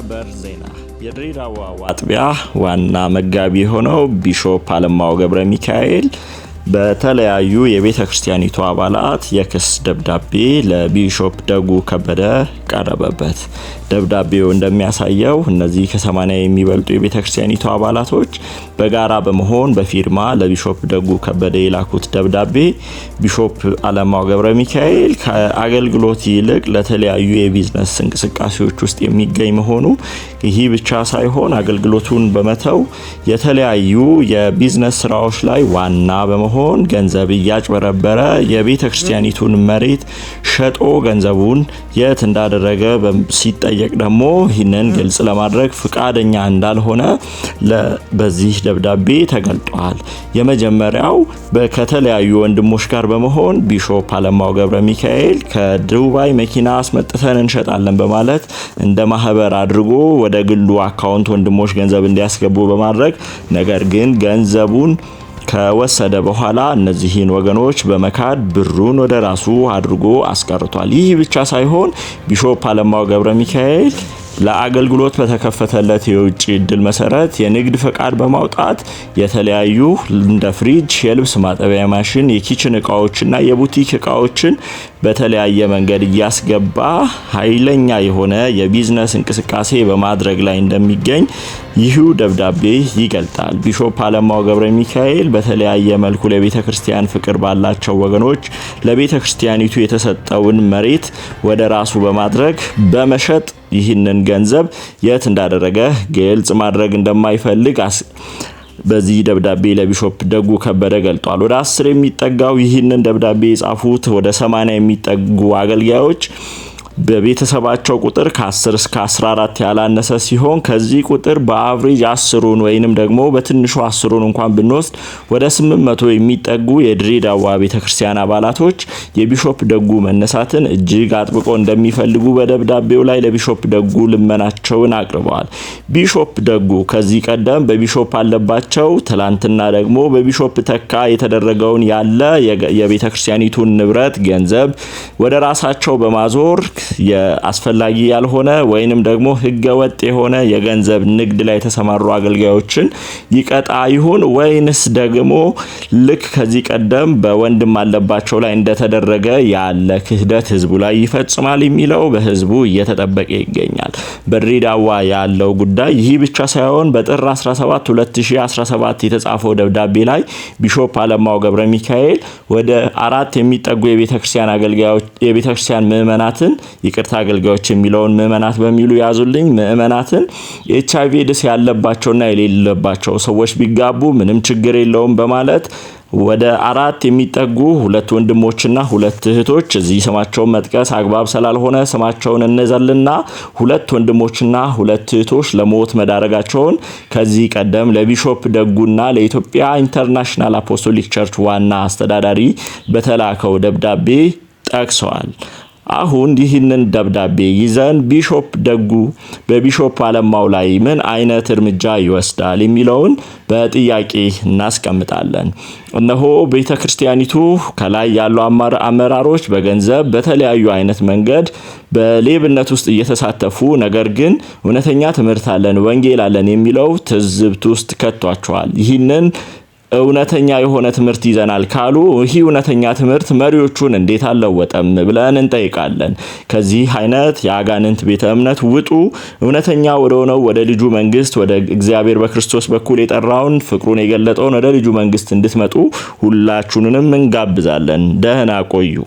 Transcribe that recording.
ሰበር ዜና የድሬዳዋ አጥቢያ ዋና መጋቢ የሆነው ቢሾፕ አለማው ገብረ ሚካኤል በተለያዩ የቤተ ክርስቲያኒቱ አባላት የክስ ደብዳቤ ለቢሾፕ ደጉ ከበደ ቀረበበት። ደብዳቤው እንደሚያሳየው እነዚህ ከሰማንያ የሚበልጡ የቤተ ክርስቲያኒቱ አባላቶች በጋራ በመሆን በፊርማ ለቢሾፕ ደጉ ከበደ የላኩት ደብዳቤ ቢሾፕ አለማው ገብረ ሚካኤል ከአገልግሎት ይልቅ ለተለያዩ የቢዝነስ እንቅስቃሴዎች ውስጥ የሚገኝ መሆኑ ይህ ብቻ ሳይሆን አገልግሎቱን በመተው የተለያዩ የቢዝነስ ስራዎች ላይ ዋና በመሆን ሲሆን ገንዘብ እያጭበረበረ የቤተ ክርስቲያኒቱን መሬት ሸጦ ገንዘቡን የት እንዳደረገ ሲጠየቅ ደግሞ ይህንን ግልጽ ለማድረግ ፍቃደኛ እንዳልሆነ በዚህ ደብዳቤ ተገልጧል። የመጀመሪያው ከተለያዩ ወንድሞች ጋር በመሆን ቢሾፕ አለማው ገብረ ሚካኤል ከዱባይ መኪና አስመጥተን እንሸጣለን በማለት እንደ ማህበር አድርጎ ወደ ግሉ አካውንት ወንድሞች ገንዘብ እንዲያስገቡ በማድረግ ነገር ግን ገንዘቡን ከወሰደ በኋላ እነዚህን ወገኖች በመካድ ብሩን ወደ ራሱ አድርጎ አስቀርቷል። ይህ ብቻ ሳይሆን ቢሾፕ አለማው ገብረ ሚካኤል ለአገልግሎት በተከፈተለት የውጭ እድል መሰረት የንግድ ፈቃድ በማውጣት የተለያዩ እንደ ፍሪጅ፣ የልብስ ማጠቢያ ማሽን፣ የኪችን እቃዎችና የቡቲክ እቃዎችን በተለያየ መንገድ እያስገባ ኃይለኛ የሆነ የቢዝነስ እንቅስቃሴ በማድረግ ላይ እንደሚገኝ ይህ ደብዳቤ ይገልጣል። ቢሾፕ አለማው ገብረ ሚካኤል በተለያየ መልኩ ለቤተ ክርስቲያን ፍቅር ባላቸው ወገኖች ለቤተ ክርስቲያኒቱ የተሰጠውን መሬት ወደ ራሱ በማድረግ በመሸጥ ይህንን ገንዘብ የት እንዳደረገ ግልጽ ማድረግ እንደማይፈልግ በዚህ ደብዳቤ ለቢሾፕ ደጉ ከበደ ገልጧል። ወደ አስር የሚጠጋው ይህንን ደብዳቤ የጻፉት ወደ ሰማንያ የሚጠጉ አገልጋዮች በቤተሰባቸው ቁጥር ከ10 እስከ 14 ያላነሰ ሲሆን ከዚህ ቁጥር በአቭሬጅ አስሩን ወይንም ደግሞ በትንሹ አስሩን እንኳን ብንወስድ ወደ 800 የሚጠጉ የድሬዳዋ ቤተክርስቲያን አባላቶች የቢሾፕ ደጉ መነሳትን እጅግ አጥብቆ እንደሚፈልጉ በደብዳቤው ላይ ለቢሾፕ ደጉ ልመናቸውን አቅርበዋል። ቢሾፕ ደጉ ከዚህ ቀደም በቢሾፕ አለባቸው፣ ትላንትና ደግሞ በቢሾፕ ተካ የተደረገውን ያለ የቤተክርስቲያኒቱን ንብረት ገንዘብ ወደ ራሳቸው በማዞር አስፈላጊ ያልሆነ ወይንም ደግሞ ህገ ወጥ የሆነ የገንዘብ ንግድ ላይ የተሰማሩ አገልጋዮችን ይቀጣ ይሁን ወይንስ ደግሞ ልክ ከዚህ ቀደም በወንድም አለባቸው ላይ እንደተደረገ ያለ ክህደት ህዝቡ ላይ ይፈጽማል የሚለው በህዝቡ እየተጠበቀ ይገኛል። በድሬዳዋ ያለው ጉዳይ ይህ ብቻ ሳይሆን በጥር 17 2017 የተጻፈው ደብዳቤ ላይ ቢሾፕ አለማው ገብረ ሚካኤል ወደ አራት የሚጠጉ የቤተክርስቲያን አገልጋዮች የቤተክርስቲያን ምእመናትን ይቅርታ አገልጋዮች የሚለውን ምእመናት በሚሉ ያዙልኝ። ምእመናትን ኤች አይቪ ኤድስ ያለባቸውና የሌለባቸው ሰዎች ቢጋቡ ምንም ችግር የለውም በማለት ወደ አራት የሚጠጉ ሁለት ወንድሞችና ሁለት እህቶች እዚህ ስማቸውን መጥቀስ አግባብ ስላልሆነ ስማቸውን እንዘልና ሁለት ወንድሞችና ሁለት እህቶች ለሞት መዳረጋቸውን ከዚህ ቀደም ለቢሾፕ ደጉና ለኢትዮጵያ ኢንተርናሽናል አፖስቶሊክ ቸርች ዋና አስተዳዳሪ በተላከው ደብዳቤ ጠቅሰዋል። አሁን ይህንን ደብዳቤ ይዘን ቢሾፕ ደጉ በቢሾፕ አለማው ላይ ምን አይነት እርምጃ ይወስዳል የሚለውን በጥያቄ እናስቀምጣለን። እነሆ ቤተ ክርስቲያኒቱ ከላይ ያሉ አመራሮች በገንዘብ በተለያዩ አይነት መንገድ በሌብነት ውስጥ እየተሳተፉ ነገር ግን እውነተኛ ትምህርት አለን፣ ወንጌል አለን የሚለው ትዝብት ውስጥ ከቷቸዋል። ይህንን እውነተኛ የሆነ ትምህርት ይዘናል ካሉ ይህ እውነተኛ ትምህርት መሪዎቹን እንዴት አልለወጠም ብለን እንጠይቃለን። ከዚህ አይነት የአጋንንት ቤተ እምነት ውጡ፣ እውነተኛ ወደሆነው ወደ ልጁ መንግስት፣ ወደ እግዚአብሔር በክርስቶስ በኩል የጠራውን ፍቅሩን የገለጠውን ወደ ልጁ መንግስት እንድትመጡ ሁላችሁንም እንጋብዛለን። ደህና ቆዩ።